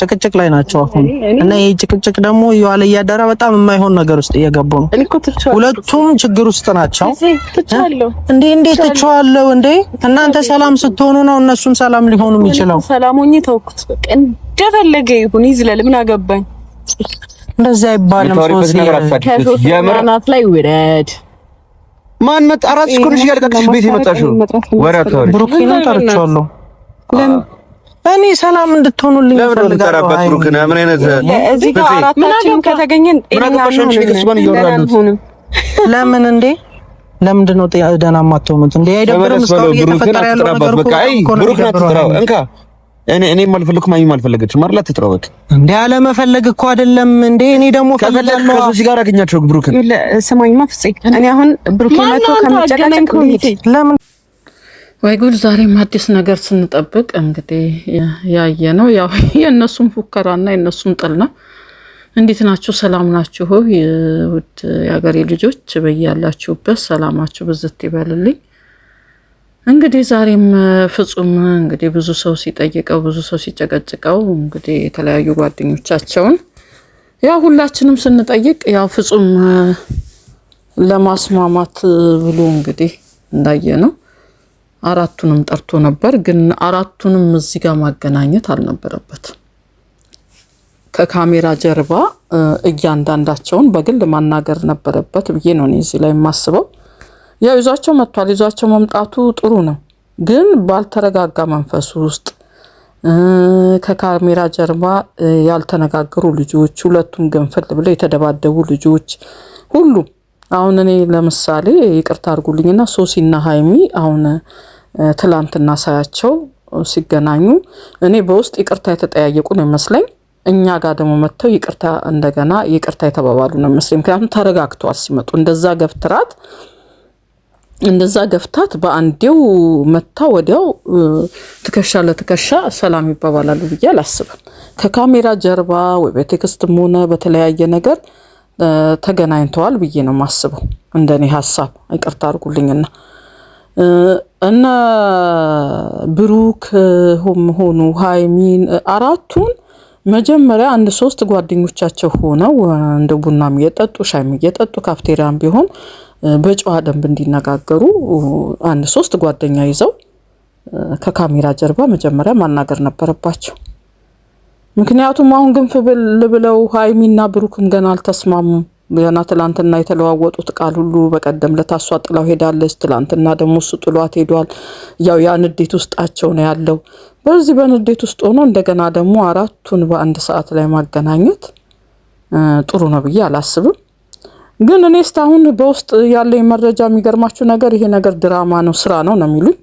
ጭቅጭቅ ላይ ናቸው አሁን እና ይሄ ጭቅጭቅ ደግሞ እየዋለ እያደረ በጣም የማይሆን ነገር ውስጥ እየገቡ ነው። ሁለቱም ችግር ውስጥ ናቸው። እንዴ እንዴ ትችዋለሁ እንዴ እናንተ ሰላም ስትሆኑ ነው እነሱም ሰላም ሊሆኑ የሚችለው። ሰላም ሆኜ ተውኩት በቃ እንደፈለገ ይሁን ይዝለል ምን አገባኝ። እንደዛ አይባልም። ሶስ የምራናት ላይ ውረድ ማን መጣ? አራት ስኩንሽ ጋር ቤት የመጣሽው ወራ ተወሪ ብሩክ ነው። ጠርቻለሁ እኔ ሰላም እንድትሆኑልኝ ፈልጋለሁ። ምን አይነት እዚህ ጋር አራታችን ከተገኘን ለምን እንዴ? ለምንድን ነው ደህና የማትሆኑት እንዴ? አይደብርም? እስካሁን እየተፈጠረ ያለው ነገር እኮ ብሩክ ናት ትጥራው። እንካ እኔ እኔ አልፈለኩም። ማይ አልፈለገችም አይደል? አትጥራው በቃ። እንዴ አለመፈለግ እኮ አይደለም እንዴ። እኔ ደግሞ ፈልጋለሁ። ከዚህ ጋር አገኛቸው ብሩክን። ስማኝማ ፍፄ፣ እኔ አሁን ብሩክ መጥቶ ከመጨቃጨቅ ለምን ወይ ጉድ! ዛሬም አዲስ ነገር ስንጠብቅ እንግዲህ ያየ ነው ያው የእነሱን ፉከራና የእነሱን ጥል ነው። እንዴት ናችሁ? ሰላም ናችሁ? ውድ የሀገሬ ልጆች በያላችሁበት ሰላማችሁ ብዝት ይበልልኝ። እንግዲህ ዛሬም ፍጹም እንግዲህ ብዙ ሰው ሲጠይቀው ብዙ ሰው ሲጨቀጭቀው እንግዲህ የተለያዩ ጓደኞቻቸውን ያው ሁላችንም ስንጠይቅ ያው ፍጹም ለማስማማት ብሎ እንግዲህ እንዳየ ነው አራቱንም ጠርቶ ነበር፣ ግን አራቱንም እዚህ ጋር ማገናኘት አልነበረበት ከካሜራ ጀርባ እያንዳንዳቸውን በግል ማናገር ነበረበት ብዬ ነው እኔ እዚህ ላይ የማስበው። ያው ይዟቸው መጥቷል። ይዟቸው መምጣቱ ጥሩ ነው፣ ግን ባልተረጋጋ መንፈስ ውስጥ ከካሜራ ጀርባ ያልተነጋገሩ ልጆች፣ ሁለቱም ገንፈል ብለው የተደባደቡ ልጆች ሁሉም አሁን እኔ ለምሳሌ ይቅርታ አድርጉልኝና ሶሲና ሀይሚ አሁን ትላንትና ሳያቸው ሲገናኙ እኔ በውስጥ ይቅርታ የተጠያየቁ ነው ይመስለኝ። እኛ ጋር ደግሞ መጥተው ይቅርታ እንደገና ይቅርታ የተባባሉ ነው ይመስለኝ። ምክንያቱም ተረጋግተዋል ሲመጡ እንደዛ ገፍትራት እንደዛ ገፍታት በአንዴው መታ ወዲያው ትከሻ ለትከሻ ሰላም ይባባላሉ ብዬ አላስብም። ከካሜራ ጀርባ ወይ በቴክስትም ሆነ በተለያየ ነገር ተገናኝተዋል ብዬ ነው የማስበው፣ እንደኔ ሀሳብ። ይቅርታ አድርጉልኝና እነ ብሩክ ሆኑ ሀይሚን አራቱን መጀመሪያ አንድ ሶስት ጓደኞቻቸው ሆነው እንደ ቡናም እየጠጡ ሻይም እየጠጡ ካፍቴሪያም ቢሆን በጨዋ ደንብ እንዲነጋገሩ አንድ ሶስት ጓደኛ ይዘው ከካሜራ ጀርባ መጀመሪያ ማናገር ነበረባቸው። ምክንያቱም አሁን ግንፍ ብለው ሀይሚና ብሩክም ገና አልተስማሙም። ገና ትላንትና የተለዋወጡት ቃል ሁሉ በቀደም ለታሷ ጥላው ሄዳለች፣ ትላንትና ደግሞ እሱ ጥሏት ሄዷል። ያው ያ ንዴት ውስጣቸው ነው ያለው። በዚህ በንዴት ውስጥ ሆኖ እንደገና ደግሞ አራቱን በአንድ ሰዓት ላይ ማገናኘት ጥሩ ነው ብዬ አላስብም። ግን እኔ እስካሁን በውስጥ ያለኝ መረጃ የሚገርማችሁ ነገር ይሄ ነገር ድራማ ነው ስራ ነው ነው የሚሉኝ።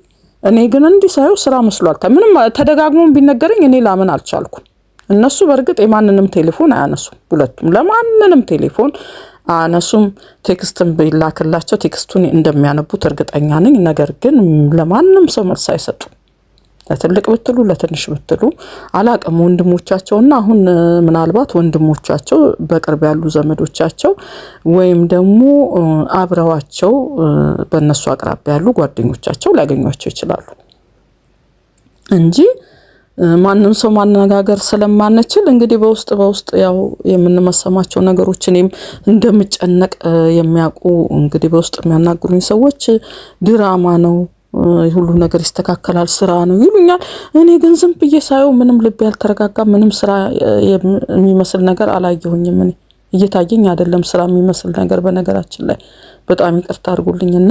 እኔ ግን እንዲህ ሳየው ስራ መስሏል። ምንም ተደጋግሞ ቢነገረኝ እኔ ላምን አልቻልኩም። እነሱ በእርግጥ የማንንም ቴሌፎን አያነሱም። ሁለቱም ለማንንም ቴሌፎን አያነሱም። ቴክስትን ቢላክላቸው ቴክስቱን እንደሚያነቡት እርግጠኛ ነኝ። ነገር ግን ለማንም ሰው መልስ አይሰጡም። ለትልቅ ብትሉ ለትንሽ ብትሉ አላቅም። ወንድሞቻቸውና አሁን ምናልባት ወንድሞቻቸው በቅርብ ያሉ ዘመዶቻቸው ወይም ደግሞ አብረዋቸው በእነሱ አቅራቢያ ያሉ ጓደኞቻቸው ሊያገኟቸው ይችላሉ እንጂ ማንም ሰው ማነጋገር ስለማንችል እንግዲህ በውስጥ በውስጥ ያው የምንመሰማቸው ነገሮች እኔም እንደምጨነቅ የሚያውቁ እንግዲህ በውስጥ የሚያናግሩኝ ሰዎች ድራማ ነው ሁሉ ነገር ይስተካከላል፣ ስራ ነው ይሉኛል። እኔ ግን ዝም ብዬ ሳየው ምንም ልብ ያልተረጋጋ ምንም ስራ የሚመስል ነገር አላየሁኝም። እኔ እየታየኝ አይደለም ስራ የሚመስል ነገር። በነገራችን ላይ በጣም ይቅርታ አድርጉልኝና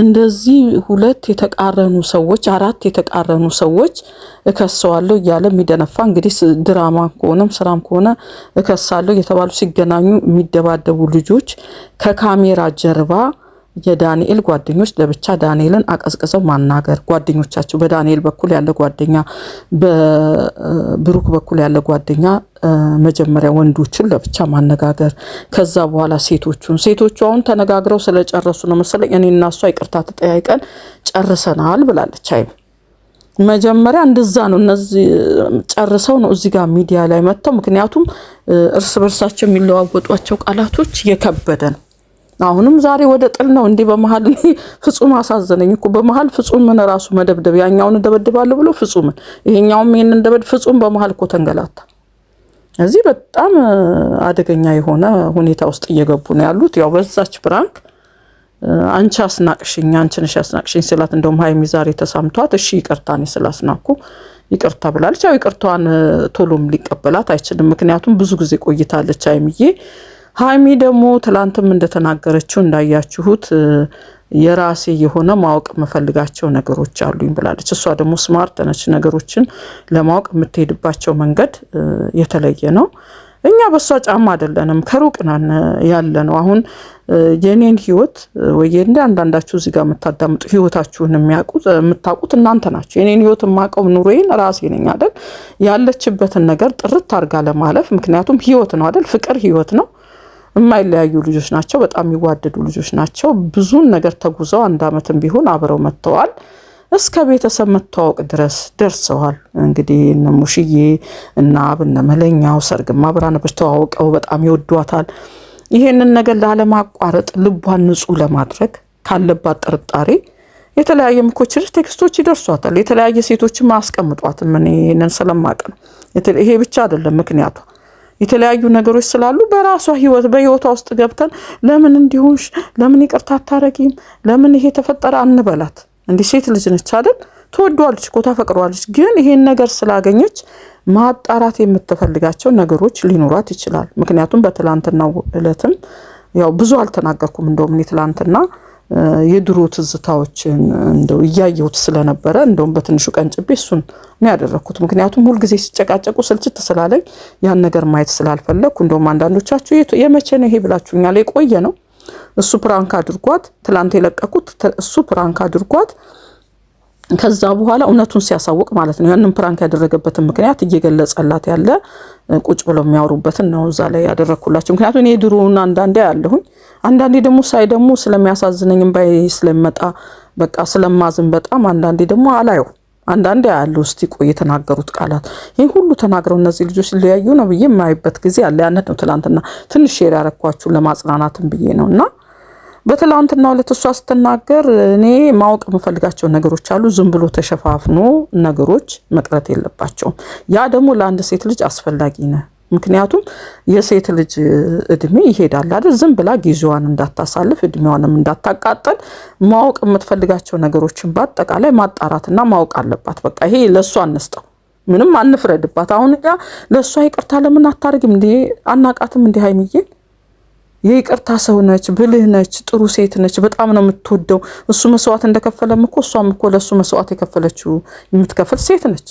እንደዚህ ሁለት የተቃረኑ ሰዎች አራት የተቃረኑ ሰዎች እከሰዋለሁ እያለ የሚደነፋ እንግዲህ ድራማ ከሆነም ስራም ከሆነ እከሳለሁ የተባሉ ሲገናኙ የሚደባደቡ ልጆች ከካሜራ ጀርባ የዳንኤል ጓደኞች ለብቻ ዳንኤልን አቀዝቅዘው ማናገር፣ ጓደኞቻቸው በዳንኤል በኩል ያለ ጓደኛ፣ በብሩክ በኩል ያለ ጓደኛ መጀመሪያ ወንዶችን ለብቻ ማነጋገር፣ ከዛ በኋላ ሴቶቹን ሴቶቹ አሁን ተነጋግረው ስለጨረሱ ነው መሰለኝ እኔ እና እሷ ይቅርታ ተጠያይቀን ጨርሰናል ብላለች። አይ መጀመሪያ እንደዛ ነው። እነዚህ ጨርሰው ነው እዚህ ጋር ሚዲያ ላይ መጥተው፣ ምክንያቱም እርስ በርሳቸው የሚለዋወጧቸው ቃላቶች የከበደ ነው። አሁንም ዛሬ ወደ ጥል ነው እንዴ? በመሀል ፍጹም አሳዘነኝ እኮ በመሀል ፍጹምን ራሱ መደብደብ ያኛውን ደበድባለሁ ብሎ ፍጹምን ይሄኛውም ይሄን እንደበድ ፍጹም በመሀል እኮ ተንገላታ። እዚህ በጣም አደገኛ የሆነ ሁኔታ ውስጥ እየገቡ ነው ያሉት። ያው በዛች ብራንክ አንቺ አስናቅሽኝ፣ አንቺ ነሽ አስናቅሽኝ ስላት እንደውም ሀይሚ ዛሬ ተሳምቷት እሺ ይቅርታ እኔ ስላስናኩ ይቅርታ ብላለች። ያው ይቅርታዋን ቶሎም ሊቀበላት አይችልም። ምክንያቱም ብዙ ጊዜ ቆይታለች ሀይሚዬ ሀይሚ ደግሞ ትላንትም እንደተናገረችው እንዳያችሁት የራሴ የሆነ ማወቅ የምፈልጋቸው ነገሮች አሉኝ ብላለች። እሷ ደግሞ ስማርት ነች። ነገሮችን ለማወቅ የምትሄድባቸው መንገድ የተለየ ነው። እኛ በእሷ ጫማ አይደለንም፣ ከሩቅ ነን ያለ ነው። አሁን የኔን ህይወት ወይ እንደ አንዳንዳችሁ እዚህ ጋር የምታዳምጡ ህይወታችሁን የምታውቁት እናንተ ናቸው። የኔን ህይወት የማውቀው ኑሮዬን ራሴ ነኝ አይደል? ያለችበትን ነገር ጥርት አድርጋ ለማለፍ ምክንያቱም ህይወት ነው አይደል? ፍቅር ህይወት ነው የማይለያዩ ልጆች ናቸው። በጣም የሚዋደዱ ልጆች ናቸው። ብዙን ነገር ተጉዘው አንድ ዓመትም ቢሆን አብረው መጥተዋል። እስከ ቤተሰብ መተዋወቅ ድረስ ደርሰዋል። እንግዲህ እነ ሙሽዬ እና እነ መለኛው ሰርግማ አብራ ነበች። ተዋውቀው በጣም ይወዷታል። ይሄንን ነገር ላለማቋረጥ ልቧን ንጹሕ ለማድረግ ካለባት ጥርጣሬ የተለያየ ምኮችር ቴክስቶች ይደርሷታል። የተለያየ ሴቶችን አያስቀምጧትም። እኔ ይሄንን ስለማቅ ነው። ይሄ ብቻ አይደለም ምክንያቱ የተለያዩ ነገሮች ስላሉ በራሷ ህይወት በህይወቷ ውስጥ ገብተን ለምን እንዲሆንሽ፣ ለምን ይቅርታ አታረጊም፣ ለምን ይሄ ተፈጠረ አንበላት። እንዲህ ሴት ልጅ ነች አይደል? ትወዷለች እኮ ታፈቅሯለች። ግን ይሄን ነገር ስላገኘች ማጣራት የምትፈልጋቸው ነገሮች ሊኖሯት ይችላል። ምክንያቱም በትላንትናው እለትም ያው ብዙ አልተናገርኩም እንደውም እኔ ትላንትና የድሮ ትዝታዎችን እንደው እያየሁት ስለነበረ እንደውም በትንሹ ቀን ጭቤ እሱን ነው ያደረግኩት። ምክንያቱም ሁልጊዜ ሲጨቃጨቁ ስልችት ስላለኝ ያን ነገር ማየት ስላልፈለግኩ፣ እንደውም አንዳንዶቻችሁ የመቼ ነው ይሄ ብላችሁኛል። የቆየ ነው እሱ ፕራንክ አድርጓት፣ ትላንት የለቀኩት እሱ ፕራንክ አድርጓት ከዛ በኋላ እውነቱን ሲያሳውቅ ማለት ነው። ያንን ፕራንክ ያደረገበትን ምክንያት እየገለጸላት ያለ ቁጭ ብለው የሚያወሩበትን ነው እዛ ላይ ያደረግኩላቸው። ምክንያቱም እኔ ድሮውን አንዳንዴ አለሁኝ፣ አንዳንዴ ደግሞ ሳይ ደግሞ ስለሚያሳዝነኝ ባይ ስለሚመጣ በቃ ስለማዝን በጣም አንዳንዴ ደግሞ አላየው አንዳንድ ያሉ እስቲ ቆይ የተናገሩት ቃላት ይህ ሁሉ ተናግረው እነዚህ ልጆች ሊያዩ ነው ብዬ የማይበት ጊዜ አለ። ያነት ነው ትላንትና ትንሽ ሼር ያረኳችሁ ለማጽናናትም ብዬ ነው እና በትላንትና ዕለት እሷ ስትናገር እኔ ማወቅ የምፈልጋቸው ነገሮች አሉ። ዝም ብሎ ተሸፋፍኖ ነገሮች መቅረት የለባቸውም። ያ ደግሞ ለአንድ ሴት ልጅ አስፈላጊ ነ ምክንያቱም የሴት ልጅ እድሜ ይሄዳል አይደል? ዝም ብላ ጊዜዋን እንዳታሳልፍ እድሜዋንም እንዳታቃጠል ማወቅ የምትፈልጋቸው ነገሮችን በአጠቃላይ ማጣራትና ማወቅ አለባት። በቃ ይሄ ለእሷ አንስጠው፣ ምንም አንፍረድባት። አሁን ያ ለእሷ ይቅርታ ለምን አታርግም? እንዲ አናቃትም እንዲህ ሀይሚዬን የይቅርታ ሰው ነች፣ ብልህ ነች፣ ጥሩ ሴት ነች። በጣም ነው የምትወደው። እሱ መስዋዕት እንደከፈለም እኮ እሷም እኮ ለእሱ መስዋዕት የከፈለችው የምትከፍል ሴት ነች።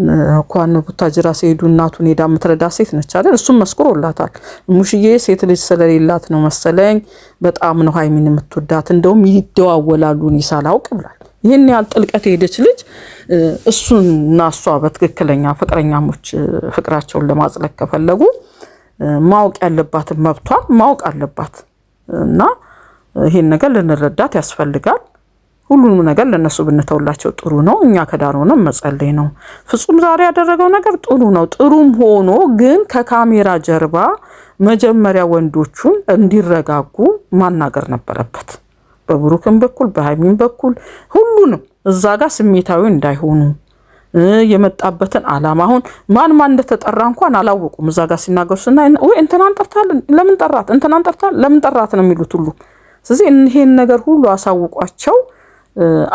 እንኳን ቡታጅራ ሲሄዱ እናቱን ሄዳ የምትረዳ ሴት ነች አይደል? እሱም መስክሮላታል። ሙሽዬ ሴት ልጅ ስለሌላት ነው መሰለኝ በጣም ነው ሀይሚን የምትወዳት፣ እንደውም ይደዋወላሉ እኔ ሳላውቅ ብላል። ይህን ያህል ጥልቀት የሄደች ልጅ እሱና እሷ በትክክለኛ ፍቅረኛሞች ፍቅራቸውን ለማጽለቅ ከፈለጉ ማወቅ ያለባትን መብቷን ማወቅ አለባት እና ይህን ነገር ልንረዳት ያስፈልጋል። ሁሉንም ነገር ለነሱ ብንተውላቸው ጥሩ ነው። እኛ ከዳር ሆነን መጸለይ ነው። ፍጹም ዛሬ ያደረገው ነገር ጥሩ ነው። ጥሩም ሆኖ ግን ከካሜራ ጀርባ መጀመሪያ ወንዶቹን እንዲረጋጉ ማናገር ነበረበት። በብሩክም በኩል በሀይሚም በኩል ሁሉንም እዛ ጋር ስሜታዊ እንዳይሆኑ የመጣበትን አላማ አሁን ማን ማን እንደተጠራ እንኳን አላወቁም። እዛ ጋር ሲናገሩ ስናይ ወይ እንትናን ጠርታል፣ ለምን ጠራት? እንትናን ጠርታል፣ ለምን ጠራት ነው የሚሉት ሁሉ። ስለዚህ ይሄን ነገር ሁሉ አሳውቋቸው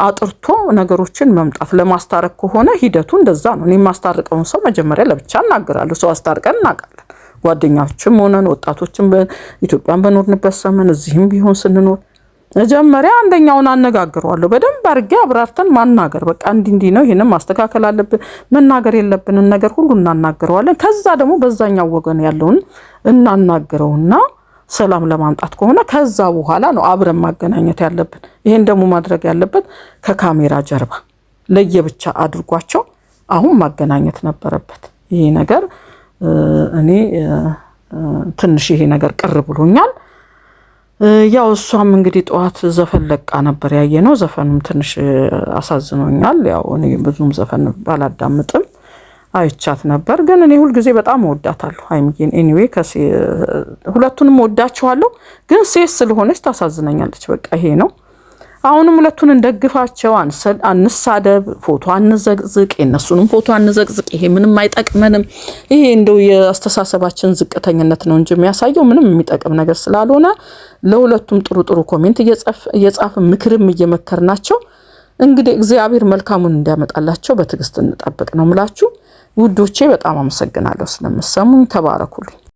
አጥርቶ ነገሮችን መምጣት ለማስታረቅ ከሆነ ሂደቱ እንደዛ ነው። እኔ የማስታርቀውን ሰው መጀመሪያ ለብቻ እናገራለሁ። ሰው አስታርቀን እናውቃለን። ጓደኛዎችም ሆነን ወጣቶችን ኢትዮጵያን በኖርንበት ሰመን እዚህም ቢሆን ስንኖር መጀመሪያ አንደኛውን አነጋግረዋለሁ። በደንብ አድርጌ አብራርተን ማናገር በቃ እንዲህ እንዲህ ነው፣ ይህንም ማስተካከል አለብን፣ መናገር የለብንን ነገር ሁሉ እናናግረዋለን። ከዛ ደግሞ በዛኛው ወገን ያለውን እናናግረውና ሰላም ለማምጣት ከሆነ ከዛ በኋላ ነው አብረን ማገናኘት ያለብን። ይሄን ደግሞ ማድረግ ያለበት ከካሜራ ጀርባ ለየብቻ አድርጓቸው አሁን ማገናኘት ነበረበት። ይሄ ነገር እኔ ትንሽ ይሄ ነገር ቅር ብሎኛል። ያው እሷም እንግዲህ ጠዋት ዘፈን ለቃ ነበር ያየ ነው። ዘፈኑም ትንሽ አሳዝኖኛል። ያው እኔ ብዙም ዘፈን ባላዳምጥም አይቻት ነበር፣ ግን እኔ ሁልጊዜ በጣም እወዳታለሁ ሀይሚዬን። ኤኒዌይ ሁለቱንም ወዳችኋለሁ፣ ግን ሴት ስለሆነች ታሳዝነኛለች። በቃ ይሄ ነው። አሁንም ሁለቱን እንደግፋቸው፣ አንሳደብ፣ ፎቶ አንዘቅዝቅ፣ የእነሱንም ፎቶ አንዘቅዝቅ። ይሄ ምንም አይጠቅመንም። ይሄ እንደው የአስተሳሰባችን ዝቅተኝነት ነው እንጂ የሚያሳየው ምንም የሚጠቅም ነገር ስላልሆነ ለሁለቱም ጥሩ ጥሩ ኮሜንት እየጻፍ ምክርም እየመከር ናቸው። እንግዲህ እግዚአብሔር መልካሙን እንዲያመጣላቸው በትዕግስት እንጠብቅ ነው ምላችሁ ውዶቼ። በጣም አመሰግናለሁ ስለምሰሙኝ። ተባረኩልኝ።